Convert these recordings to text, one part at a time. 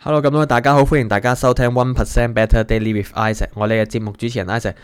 Hello，咁多位大家好，歡迎大家收聽 One Percent Better Daily with Isaac，我哋嘅節目主持人 Isaac。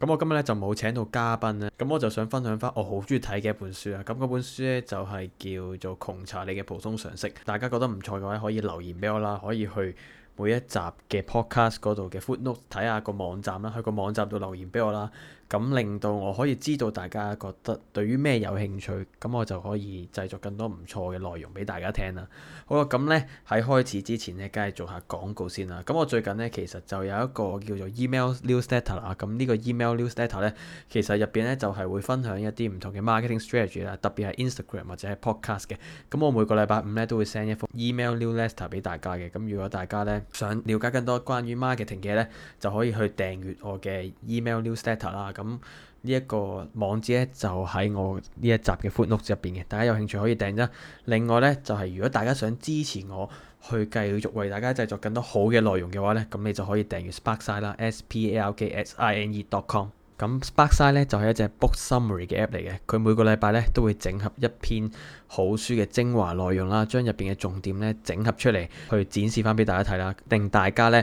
咁我今日咧就冇請到嘉賓咧，咁我就想分享翻，我好中意睇嘅一本書啊。咁嗰本書咧就係叫做《窮查理嘅普通常識》，大家覺得唔錯嘅話，可以留言俾我啦，可以去每一集嘅 Podcast 嗰度嘅 footnote 睇下個網站啦，去個網站度留言俾我啦。咁令到我可以知道大家覺得對於咩有興趣，咁我就可以製作更多唔錯嘅內容俾大家聽啦。好啦，咁呢喺開始之前呢，梗係做下廣告先啦。咁我最近呢，其實就有一個叫做 Email Newsletter 啦。咁呢個 Email Newsletter 呢，其實入邊呢，就係會分享一啲唔同嘅 marketing strategy 啦，特別係 Instagram 或者係 Podcast 嘅。咁我每個禮拜五呢，都會 send 一封 Email Newsletter 俾大家嘅。咁如果大家呢，想了解更多關於 marketing 嘅呢，就可以去訂閱我嘅 Email Newsletter 啦。咁呢一個網址呢就喺我呢一集嘅 footnotes 入邊嘅，大家有興趣可以訂啦。另外呢，就係如果大家想支持我去繼續為大家製作更多好嘅內容嘅話呢，咁你就可以訂閱 Sparksine 啦，s p a r k s i n e dot com。咁 Sparksine 呢就係一隻 Book Summary 嘅 App 嚟嘅，佢每個禮拜呢，都會整合一篇好書嘅精華內容啦，將入邊嘅重點呢，整合出嚟去展示翻俾大家睇啦，令大家呢，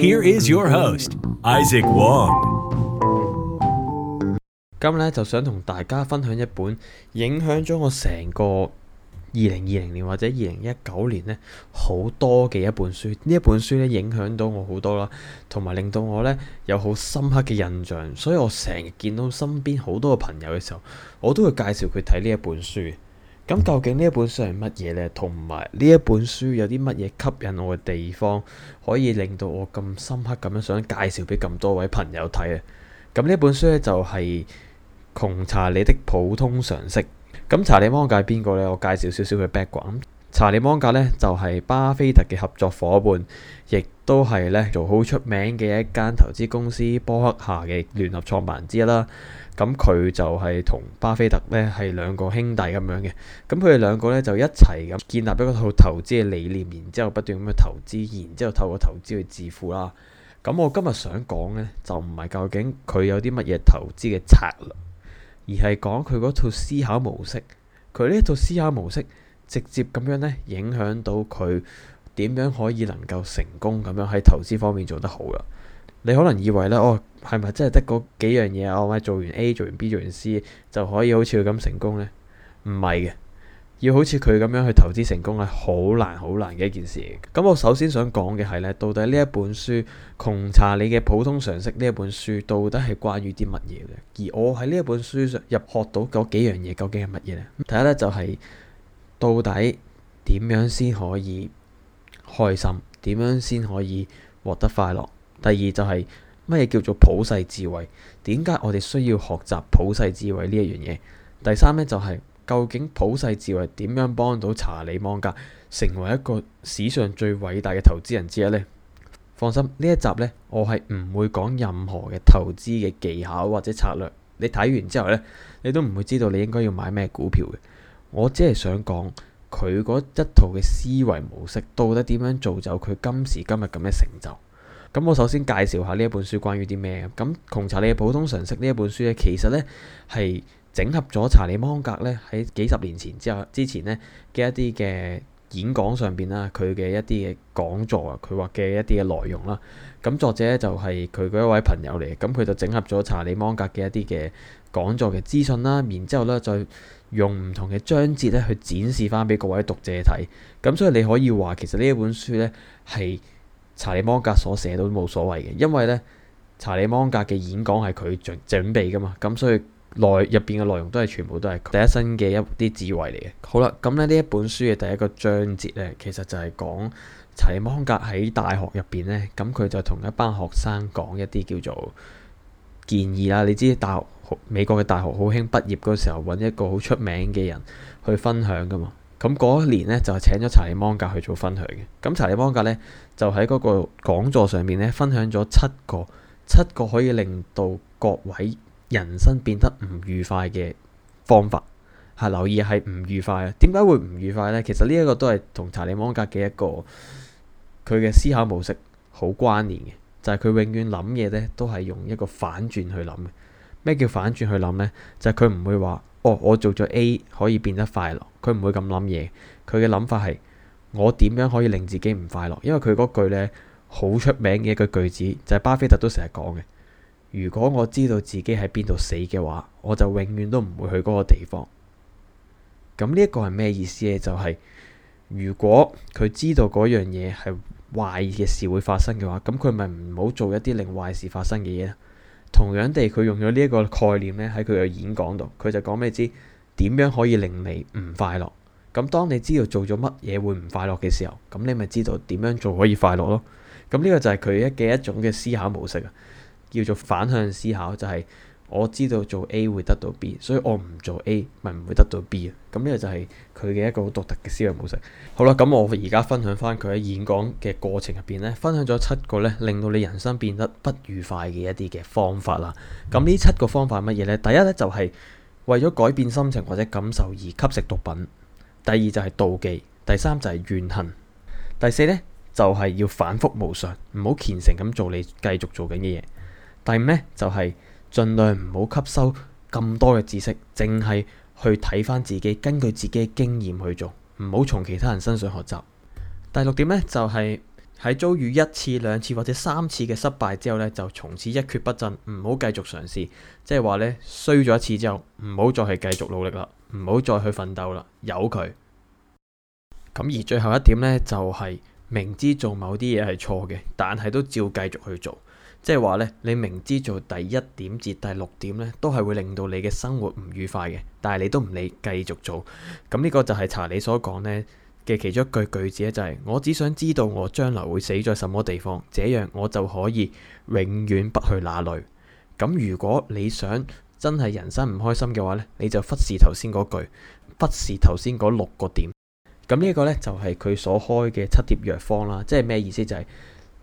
Here is your host, Isaac Wong。今日咧就想同大家分享一本影響咗我成個二零二零年或者二零一九年呢好多嘅一本書。呢一本書呢，影響到我好多啦，同埋令到我呢有好深刻嘅印象。所以我成日見到身邊好多嘅朋友嘅時候，我都會介紹佢睇呢一本書。咁究竟呢一本書係乜嘢呢？同埋呢一本書有啲乜嘢吸引我嘅地方，可以令到我咁深刻咁樣想介紹俾咁多位朋友睇啊？咁呢本書呢，就係、是《窮查理的普通常識》。咁查理芒格係邊個呢？我介紹少少嘅 background。查理芒格咧就係巴菲特嘅合作夥伴，亦都係咧做好出名嘅一間投資公司波克夏嘅聯合創辦人之一啦。咁佢就係同巴菲特咧係兩個兄弟咁樣嘅。咁佢哋兩個咧就一齊咁建立一套投資嘅理念，然之後不斷咁去投資，然之後透過投資去致富啦。咁我今日想講咧就唔係究竟佢有啲乜嘢投資嘅策略，而係講佢嗰套思考模式。佢呢一套思考模式，直接咁樣呢，影響到佢點樣可以能夠成功咁樣喺投資方面做得好啦。你可能以為呢，哦，係咪真係得嗰幾樣嘢？我、哦、咪做完 A，做完 B，做完 C 就可以好似佢咁成功呢？唔係嘅，要好似佢咁樣去投資成功係好難好難嘅一件事。咁我首先想講嘅係呢，到底呢一本書《窮查理嘅普通常識》呢一本書，到底係關於啲乜嘢嘅？而我喺呢一本書上入學到嗰幾樣嘢，究竟係乜嘢呢？第一呢，就係、是。到底點樣先可以開心？點樣先可以獲得快樂？第二就係乜嘢叫做普世智慧？點解我哋需要學習普世智慧呢一樣嘢？第三咧就係究竟普世智慧點樣幫到查理芒格成為一個史上最偉大嘅投資人之一呢？放心，呢一集呢，我係唔會講任何嘅投資嘅技巧或者策略。你睇完之後呢，你都唔會知道你應該要買咩股票嘅。我只係想講佢嗰一套嘅思維模式，到底點樣造就佢今時今日咁嘅成就？咁我首先介紹下呢一本書關於啲咩咁。咁窮查理嘅普通常識呢一本書咧，其實咧係整合咗查理芒格咧喺幾十年前之後之前呢嘅一啲嘅。演講上邊啦，佢嘅一啲嘅講座啊，佢話嘅一啲嘅內容啦，咁作者咧就係佢嗰一位朋友嚟嘅，咁佢就整合咗查理芒格嘅一啲嘅講座嘅資訊啦，然之後咧再用唔同嘅章節咧去展示返俾各位讀者睇，咁所以你可以話其實呢一本書咧係查理芒格所寫到都冇所謂嘅，因為咧查理芒格嘅演講係佢準準備㗎嘛，咁所以。內入邊嘅內容都係全部都係第一身嘅一啲智慧嚟嘅。好啦，咁咧呢一本書嘅第一個章節呢，其實就係講查理芒格喺大學入邊呢。咁佢就同一班學生講一啲叫做建議啦。你知大學美國嘅大學好興畢業嗰時候揾一個好出名嘅人去分享噶嘛？咁嗰一年呢，就請咗查理芒格去做分享嘅。咁查理芒格呢，就喺嗰個講座上面呢，分享咗七個七個可以令到各位。人生變得唔愉快嘅方法，嚇、啊、留意係唔愉快嘅。點解會唔愉快呢？其實呢一個都係同查理芒格嘅一個佢嘅思考模式好關聯嘅，就係、是、佢永遠諗嘢呢都係用一個反轉去諗。咩叫反轉去諗呢？就係佢唔會話哦，我做咗 A 可以變得快樂，佢唔會咁諗嘢。佢嘅諗法係我點樣可以令自己唔快樂？因為佢嗰句呢，好出名嘅一句句子就係、是、巴菲特都成日講嘅。如果我知道自己喺邊度死嘅話，我就永遠都唔會去嗰個地方。咁呢一個係咩意思咧？就係如果佢知道嗰樣嘢係壞嘅事會發生嘅話，咁佢咪唔好做一啲令壞事發生嘅嘢。同樣地，佢用咗呢一個概念咧喺佢嘅演講度，佢就講俾你知點樣可以令你唔快樂。咁當你知道做咗乜嘢會唔快樂嘅時候，咁你咪知道點樣做可以快樂咯。咁呢個就係佢一嘅一種嘅思考模式啊。叫做反向思考，就係我知道做 A 會得到 B，所以我唔做 A 咪唔會得到 B 啊。咁呢個就係佢嘅一個好獨特嘅思維模式。好啦，咁我而家分享翻佢喺演講嘅過程入邊呢，分享咗七個呢令到你人生變得不愉快嘅一啲嘅方法啦。咁呢七個方法係乜嘢呢？第一呢，就係為咗改變心情或者感受而吸食毒品；第二就係妒忌；第三就係怨恨；第四呢，就係要反覆無常，唔好虔誠咁做你繼續做緊嘅嘢。第五呢，就係盡量唔好吸收咁多嘅知識，淨係去睇翻自己，根據自己嘅經驗去做，唔好從其他人身上學習。第六點呢，就係喺遭遇一次、兩次或者三次嘅失敗之後呢，就從此一蹶不振，唔好繼續嘗試，即係話呢，衰咗一次之後，唔好再係繼續努力啦，唔好再去奮鬥啦，由佢。咁而最後一點呢，就係。明知做某啲嘢係錯嘅，但係都照繼續去做，即係話呢，你明知做第一點至第六點呢，都係會令到你嘅生活唔愉快嘅，但係你都唔理繼續做，咁呢個就係查理所講呢嘅其中一句句子咧，就是，就係我只想知道我將來會死在什麼地方，這樣我就可以永遠不去那裡。咁如果你想真係人生唔開心嘅話呢，你就忽視頭先嗰句，忽視頭先嗰六個點。咁呢個呢，就係佢所開嘅七帖藥方啦，即係咩意思？就係、是、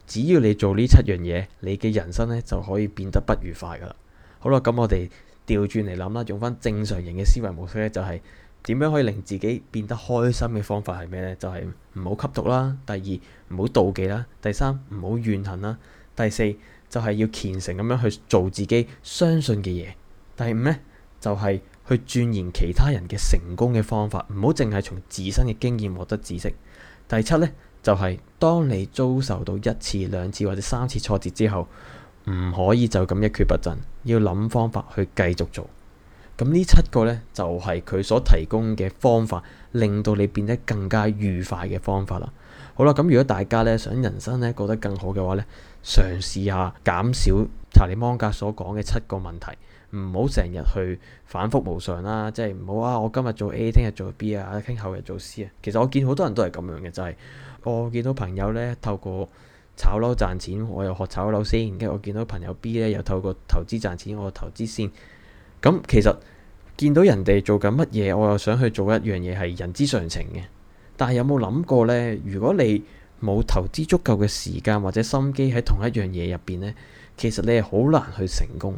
只要你做呢七樣嘢，你嘅人生呢就可以變得不愉快噶啦。好啦，咁我哋調轉嚟諗啦，用翻正常型嘅思維模式呢、就是，就係點樣可以令自己變得開心嘅方法係咩呢？就係唔好吸毒啦，第二唔好妒忌啦，第三唔好怨恨啦，第四就係、是、要虔誠咁樣去做自己相信嘅嘢，第五呢，就係、是。去鑽研其他人嘅成功嘅方法，唔好淨係從自身嘅經驗獲得知識。第七呢，就係當你遭受到一次、兩次或者三次挫折之後，唔可以就咁一蹶不振，要諗方法去繼續做。咁呢七個呢，就係佢所提供嘅方法，令到你變得更加愉快嘅方法啦。好啦，咁如果大家呢，想人生呢，過得更好嘅話呢，嘗試下減少查理芒格所講嘅七個問題。唔好成日去反覆無常啦，即係唔好啊！我今日做 A，聽日做 B 啊，聽後日做 C 啊。其實我見好多人都係咁樣嘅，就係我見到朋友呢透過炒樓賺錢，我又學炒樓先；跟住我見到朋友 B 呢，又透過投資賺錢，我投資先。咁其實見到人哋做緊乜嘢，我又想去做一樣嘢，係人之常情嘅。但係有冇諗過呢？如果你冇投資足夠嘅時間或者心機喺同一樣嘢入邊呢，其實你係好難去成功。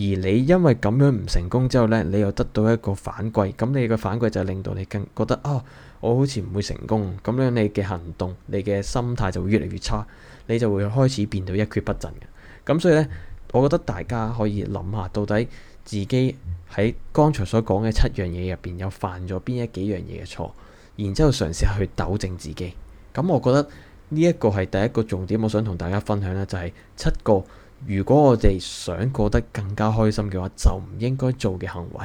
而你因為咁樣唔成功之後呢，你又得到一個反饋，咁你嘅反饋就令到你更覺得啊、哦，我好似唔會成功。咁樣你嘅行動、你嘅心態就會越嚟越差，你就會開始變到一蹶不振嘅。咁所以呢，我覺得大家可以諗下，到底自己喺剛才所講嘅七樣嘢入邊又犯咗邊一幾樣嘢嘅錯，然之後嘗試去糾正自己。咁我覺得呢一個係第一個重點，我想同大家分享呢就係、是、七個。如果我哋想過得更加開心嘅話，就唔應該做嘅行為。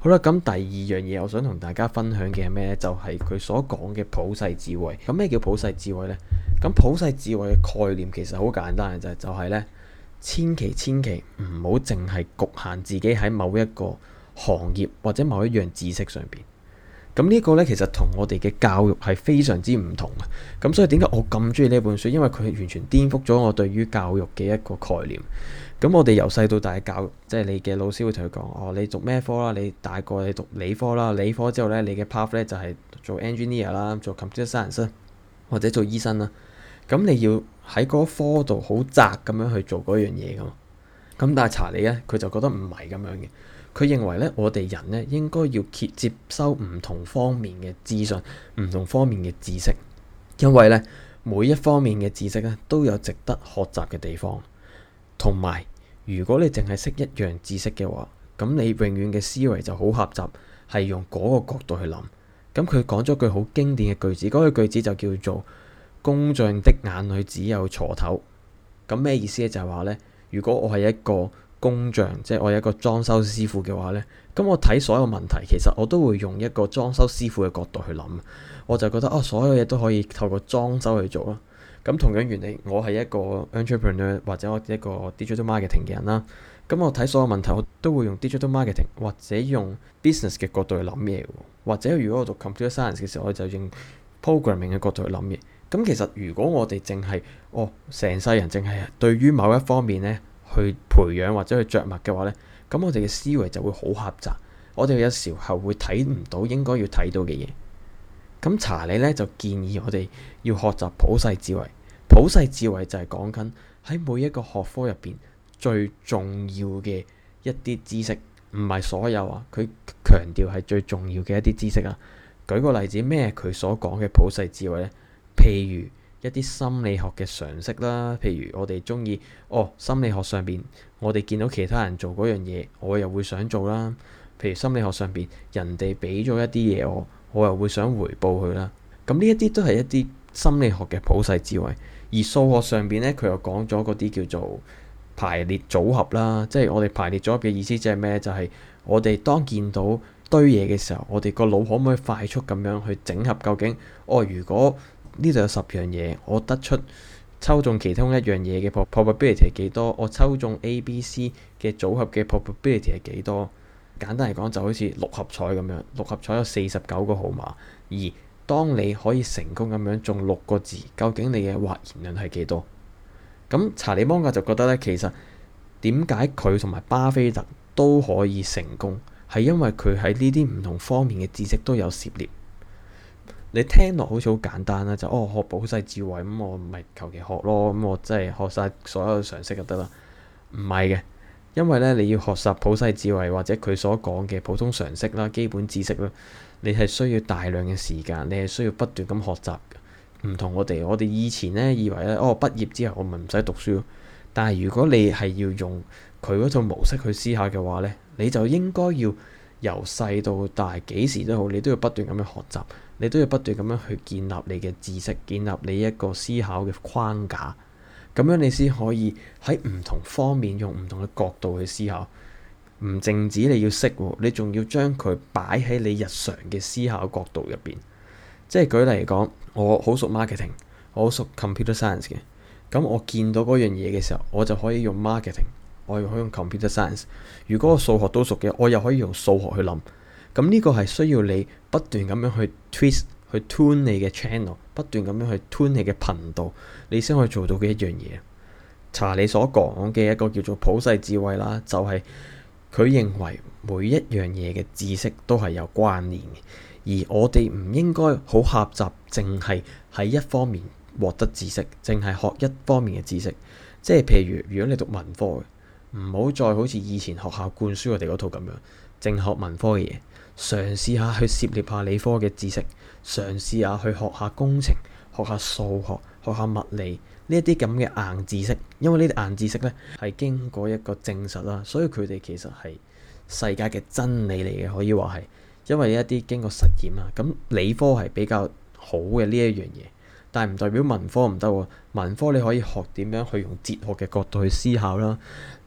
好啦，咁第二樣嘢，我想同大家分享嘅係咩呢？就係佢所講嘅普世智慧。咁咩叫普世智慧呢？咁普世智慧嘅概念其實好簡單嘅就係，就係呢，千祈千祈唔好淨係局限自己喺某一個行業或者某一樣知識上邊。咁呢個呢，其實同我哋嘅教育係非常之唔同啊！咁所以點解我咁中意呢本書？因為佢完全顛覆咗我對於教育嘅一個概念。咁我哋由細到大教育，即係你嘅老師會同佢講：哦，你讀咩科啦？你大個你讀理科啦，理科之後呢，你嘅 path 呢，就係做 engineer 啦，做 computer science 或者做醫生啦。咁你要喺嗰科度好窄咁樣去做嗰樣嘢噶嘛？咁但係查理呢，佢就覺得唔係咁樣嘅。佢認為咧，我哋人咧應該要接收唔同方面嘅資訊，唔同方面嘅知識，因為咧每一方面嘅知識咧都有值得學習嘅地方。同埋，如果你淨係識一樣知識嘅話，咁你永遠嘅思維就好狹窄，係用嗰個角度去諗。咁佢講咗句好經典嘅句子，嗰句句子就叫做工匠的眼裏只有鋤頭。咁咩意思咧？就係話咧，如果我係一個工匠即係我一個裝修師傅嘅話呢。咁我睇所有問題，其實我都會用一個裝修師傅嘅角度去諗。我就覺得哦，所有嘢都可以透過裝修去做啦。咁同樣原理，我係一個 entrepreneur 或者我一個 digital marketing 嘅人啦。咁我睇所有問題，我都會用 digital marketing 或者用 business 嘅角度去諗嘢。或者如果我讀 computer science 嘅時候，我就用 programming 嘅角度去諗嘢。咁其實如果我哋淨係哦，成世人淨係對於某一方面呢。去培養或者去着墨嘅話呢，咁我哋嘅思維就會好狹窄，我哋有時候會睇唔到應該要睇到嘅嘢。咁查理呢，就建議我哋要學習普世智慧，普世智慧就係講緊喺每一個學科入邊最重要嘅一啲知識，唔係所有啊。佢強調係最重要嘅一啲知識啊。舉個例子，咩佢所講嘅普世智慧呢？譬如。一啲心理學嘅常識啦，譬如我哋中意哦，心理學上邊我哋見到其他人做嗰樣嘢，我又會想做啦。譬如心理學上邊人哋俾咗一啲嘢我，我又會想回報佢啦。咁呢一啲都係一啲心理學嘅普世智慧。而數學上邊呢，佢又講咗嗰啲叫做排列組合啦。即係我哋排列組合嘅意思，即係咩？就係我哋當見到堆嘢嘅時候，我哋個腦可唔可以快速咁樣去整合？究竟哦，如果呢度有十樣嘢，我得出抽中其中一樣嘢嘅 probability 係幾多？我抽中 A、B、C 嘅組合嘅 probability 係幾多？簡單嚟講，就好似六合彩咁樣，六合彩有四十九個號碼，而當你可以成功咁樣中六個字，究竟你嘅或然率係幾多？咁查理芒格就覺得呢，其實點解佢同埋巴菲特都可以成功，係因為佢喺呢啲唔同方面嘅知識都有涉獵。你聽落好似好簡單啦，就是、哦學普世智慧咁、嗯，我咪求其學咯。咁、嗯、我真係學晒所有常識就得啦。唔係嘅，因為咧你要學習普世智慧或者佢所講嘅普通常識啦、基本知識啦，你係需要大量嘅時間，你係需要不斷咁學習。唔同我哋，我哋以前咧以為咧，哦畢業之後我咪唔使讀書咯。但係如果你係要用佢嗰套模式去思考嘅話咧，你就應該要由細到大幾時都好，你都要不斷咁樣學習。你都要不斷咁樣去建立你嘅知識，建立你一個思考嘅框架，咁樣你先可以喺唔同方面用唔同嘅角度去思考。唔淨止你要識，你仲要將佢擺喺你日常嘅思考角度入邊。即係舉例嚟講，我好熟 marketing，我好熟 computer science 嘅。咁我，我見到嗰樣嘢嘅時候，我就可以用 marketing，我又可以用 computer science。如果我數學都熟嘅，我又可以用數學去諗。咁呢個係需要你不斷咁樣去 twist，去 tune 你嘅 channel，不斷咁樣去 tune 你嘅頻道，你先可以做到嘅一樣嘢。查理所講嘅一個叫做普世智慧啦，就係佢認為每一樣嘢嘅知識都係有關聯嘅，而我哋唔應該好狹窄，淨係喺一方面獲得知識，淨係學一方面嘅知識。即係譬如如果你讀文科嘅，唔好再好似以前學校灌輸我哋嗰套咁樣，淨學文科嘅嘢。嘗試下去涉獵下理科嘅知識，嘗試下去學下工程、學下數學、學下物理呢一啲咁嘅硬知識，因為呢啲硬知識咧，係經過一個證實啦，所以佢哋其實係世界嘅真理嚟嘅，可以話係因為一啲經過實驗啊，咁理科係比較好嘅呢一樣嘢。但唔代表文科唔得喎，文科你可以學點樣去用哲學嘅角度去思考啦，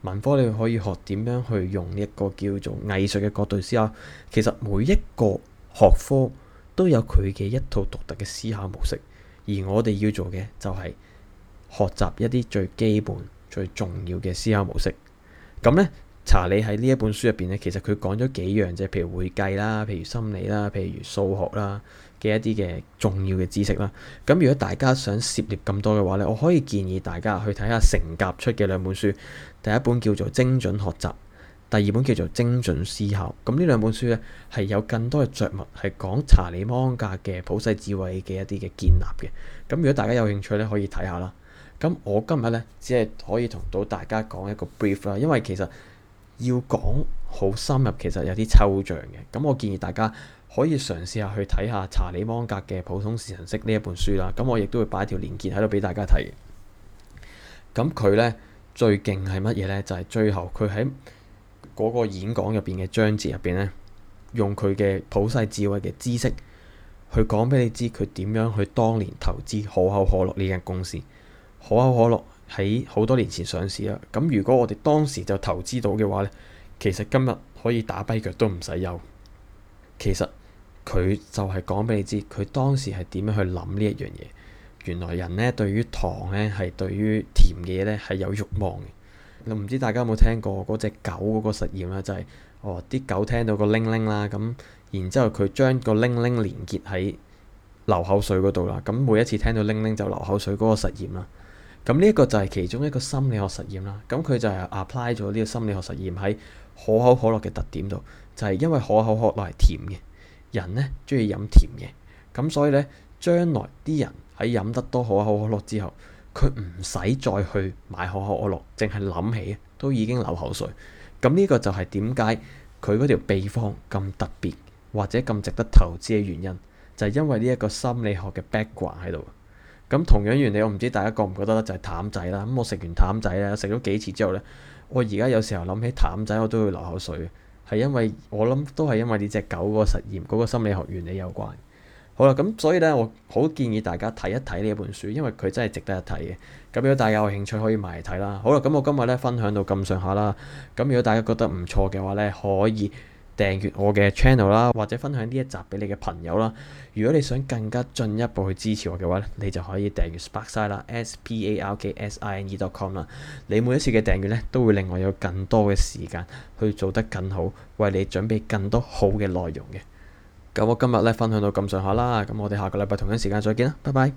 文科你可以學點樣去用一個叫做藝術嘅角度去思考。其實每一個學科都有佢嘅一套獨特嘅思考模式，而我哋要做嘅就係學習一啲最基本、最重要嘅思考模式。咁呢。查理喺呢一本書入邊呢，其實佢講咗幾樣啫，譬如會計啦，譬如心理啦，譬如數學啦嘅一啲嘅重要嘅知識啦。咁如果大家想涉獵咁多嘅話呢，我可以建議大家去睇下成甲出嘅兩本書，第一本叫做《精準學習》，第二本叫做《精準思考》。咁呢兩本書呢，係有更多嘅着墨，係講查理芒格嘅普世智慧嘅一啲嘅建立嘅。咁如果大家有興趣呢，可以睇下啦。咁我今日呢，只係可以同到大家講一個 brief 啦，因為其實。要講好深入，其實有啲抽象嘅，咁我建議大家可以嘗試下去睇下查理芒格嘅《普通常識》呢一本書啦，咁我亦都會擺條連結喺度俾大家睇。咁佢呢最勁係乜嘢呢？就係、是、最後佢喺嗰個演講入邊嘅章節入邊呢，用佢嘅普世智慧嘅知識，去講俾你知佢點樣去當年投資可口可樂呢間公司，好好可口可樂。喺好多年前上市啦，咁如果我哋當時就投資到嘅話呢，其實今日可以打跛腳都唔使憂。其實佢就係講俾你知，佢當時係點樣去諗呢一樣嘢。原來人呢對於糖呢係對於甜嘅嘢呢係有慾望嘅。唔知大家有冇聽過嗰隻狗嗰個實驗啦？就係、是、哦啲狗聽到個鈴鈴啦，咁然之後佢將個鈴鈴連結喺流口水嗰度啦，咁每一次聽到鈴鈴就流口水嗰個實驗啦。咁呢一個就係其中一個心理學實驗啦，咁佢就係 apply 咗呢個心理學實驗喺可口可樂嘅特點度，就係因為可口可樂係甜嘅，人呢中意飲甜嘅。咁所以呢，將來啲人喺飲得多可口可樂之後，佢唔使再去買可口可樂，淨係諗起都已經流口水。咁呢個就係點解佢嗰條秘方咁特別或者咁值得投資嘅原因，就係因為呢一個心理學嘅 background 喺度。咁同樣原理，我唔知大家覺唔覺得咧，就係、是、淡仔啦。咁我食完譚仔咧，食咗幾次之後呢，我而家有時候諗起譚仔，我都會流口水嘅。係因為我諗都係因為呢隻狗嗰個實驗嗰、那個心理學原理有關。好啦，咁所以呢，我好建議大家睇一睇呢一本書，因為佢真係值得一睇嘅。咁如果大家有興趣，可以埋嚟睇啦。好啦，咁我今日呢分享到咁上下啦。咁如果大家覺得唔錯嘅話呢，可以。訂閱我嘅 channel 啦，或者分享呢一集俾你嘅朋友啦。如果你想更加進一步去支持我嘅話咧，你就可以訂閱 Sparksine 啦，s p a r k s i n e dot com 啦。你每一次嘅訂閱咧，都會令我有更多嘅時間去做得更好，為你準備更多好嘅內容嘅。咁我今日咧分享到咁上下啦，咁我哋下個禮拜同樣時間再見啦，拜拜。